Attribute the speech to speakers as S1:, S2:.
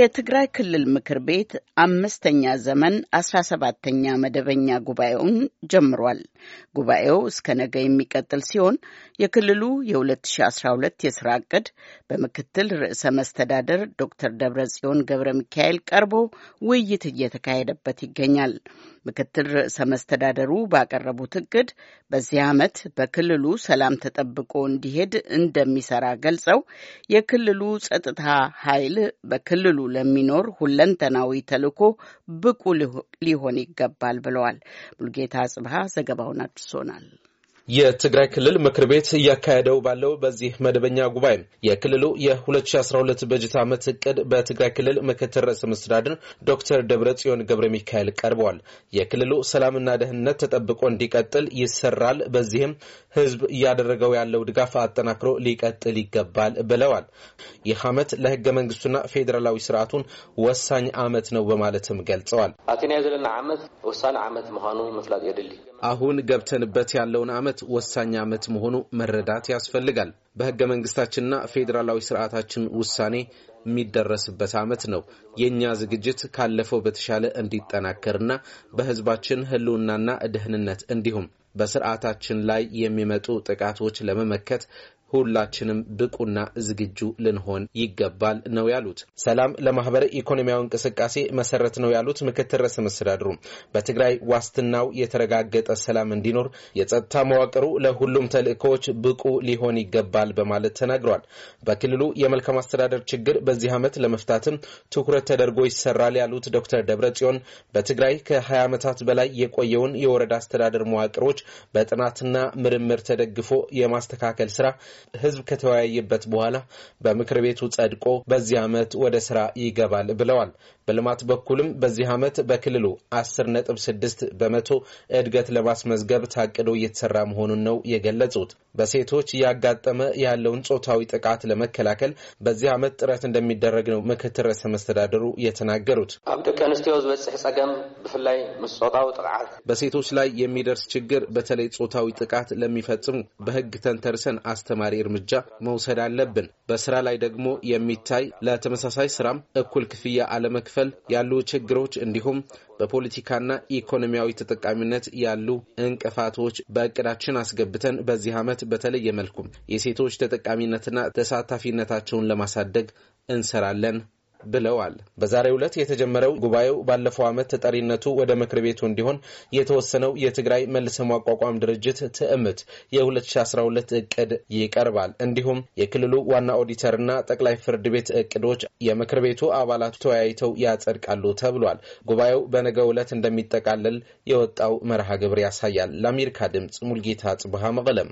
S1: የትግራይ ክልል ምክር ቤት አምስተኛ ዘመን አስራ ሰባተኛ መደበኛ ጉባኤውን ጀምሯል። ጉባኤው እስከ ነገ የሚቀጥል ሲሆን የክልሉ የ2012 የስራ እቅድ በምክትል ርዕሰ መስተዳደር ዶክተር ደብረ ጽዮን ገብረ ሚካኤል ቀርቦ ውይይት እየተካሄደበት ይገኛል። ምክትል ርዕሰ መስተዳደሩ ባቀረቡት እቅድ በዚህ ዓመት በክልሉ ሰላም ተጠብቆ እንዲሄድ እንደሚሰራ ገልጸው የክልሉ ጸጥታ ኃይል በክልሉ ለሚኖር ሁለንተናዊ ተልኮ ብቁ ሊሆን ይገባል ብለዋል። ሙልጌታ ጽብሃ ዘገባውን አድርሶናል።
S2: የትግራይ ክልል ምክር ቤት እያካሄደው ባለው በዚህ መደበኛ ጉባኤ የክልሉ የ2012 በጀት ዓመት እቅድ በትግራይ ክልል ምክትል ርዕሰ መስተዳድር ዶክተር ደብረ ጽዮን ገብረ ሚካኤል ቀርበዋል። የክልሉ ሰላምና ደህንነት ተጠብቆ እንዲቀጥል ይሰራል፣ በዚህም ህዝብ እያደረገው ያለው ድጋፍ አጠናክሮ ሊቀጥል ይገባል ብለዋል። ይህ ዓመት ለህገ መንግስቱና ፌዴራላዊ ስርዓቱን ወሳኝ ዓመት ነው በማለትም ገልጸዋል። አቴንያ ዘለና ዓመት ወሳኝ ዓመት መሆኑ መፍላጥ የድልይ አሁን ገብተንበት ያለውን ዓመት ወሳኝ ዓመት መሆኑ መረዳት ያስፈልጋል። በሕገ መንግሥታችንና ፌዴራላዊ ስርዓታችን ውሳኔ የሚደረስበት ዓመት ነው። የእኛ ዝግጅት ካለፈው በተሻለ እንዲጠናከርና በሕዝባችን ሕልውናና ደህንነት እንዲሁም በስርዓታችን ላይ የሚመጡ ጥቃቶች ለመመከት ሁላችንም ብቁና ዝግጁ ልንሆን ይገባል ነው ያሉት። ሰላም ለማህበረ ኢኮኖሚያዊ እንቅስቃሴ መሰረት ነው ያሉት ምክትል ርዕሰ መስተዳድሩ በትግራይ ዋስትናው የተረጋገጠ ሰላም እንዲኖር የጸጥታ መዋቅሩ ለሁሉም ተልእኮዎች ብቁ ሊሆን ይገባል በማለት ተናግሯል። በክልሉ የመልካም አስተዳደር ችግር በዚህ ዓመት ለመፍታትም ትኩረት ተደርጎ ይሰራል ያሉት ዶክተር ደብረ ጽዮን በትግራይ ከ20 ዓመታት በላይ የቆየውን የወረዳ አስተዳደር መዋቅሮች በጥናትና ምርምር ተደግፎ የማስተካከል ስራ ህዝብ ከተወያየበት በኋላ በምክር ቤቱ ጸድቆ በዚህ ዓመት ወደ ስራ ይገባል ብለዋል። በልማት በኩልም በዚህ ዓመት በክልሉ 10 6 በመቶ እድገት ለማስመዝገብ ታቅዶ እየተሰራ መሆኑን ነው የገለጹት። በሴቶች እያጋጠመ ያለውን ጾታዊ ጥቃት ለመከላከል በዚህ ዓመት ጥረት እንደሚደረግ ነው ምክትል ርዕሰ መስተዳደሩ የተናገሩት። ኣብ ደቂ ኣንስትዮ ዝበፅሕ ጸገም ብፍላይ ምስ ጾታዊ ጥቃት በሴቶች ላይ የሚደርስ ችግር በተለይ ጾታዊ ጥቃት ለሚፈጽሙ በህግ ተንተርሰን አስተማሪ ተጨማሪ እርምጃ መውሰድ አለብን። በስራ ላይ ደግሞ የሚታይ ለተመሳሳይ ስራም እኩል ክፍያ አለመክፈል ያሉ ችግሮች እንዲሁም በፖለቲካና ኢኮኖሚያዊ ተጠቃሚነት ያሉ እንቅፋቶች በእቅዳችን አስገብተን በዚህ ዓመት በተለየ መልኩም የሴቶች ተጠቃሚነትና ተሳታፊነታቸውን ለማሳደግ እንሰራለን ብለዋል። በዛሬው ዕለት የተጀመረው ጉባኤው ባለፈው ዓመት ተጠሪነቱ ወደ ምክር ቤቱ እንዲሆን የተወሰነው የትግራይ መልሰ ማቋቋም ድርጅት ትዕምት የ2012 እቅድ ይቀርባል። እንዲሁም የክልሉ ዋና ኦዲተርና ጠቅላይ ፍርድ ቤት እቅዶች የምክር ቤቱ አባላት ተወያይተው ያጸድቃሉ ተብሏል። ጉባኤው በነገው ዕለት እንደሚጠቃለል የወጣው መርሃ ግብር ያሳያል። ለአሜሪካ ድምፅ ሙልጌታ ጽብሃ መቀለም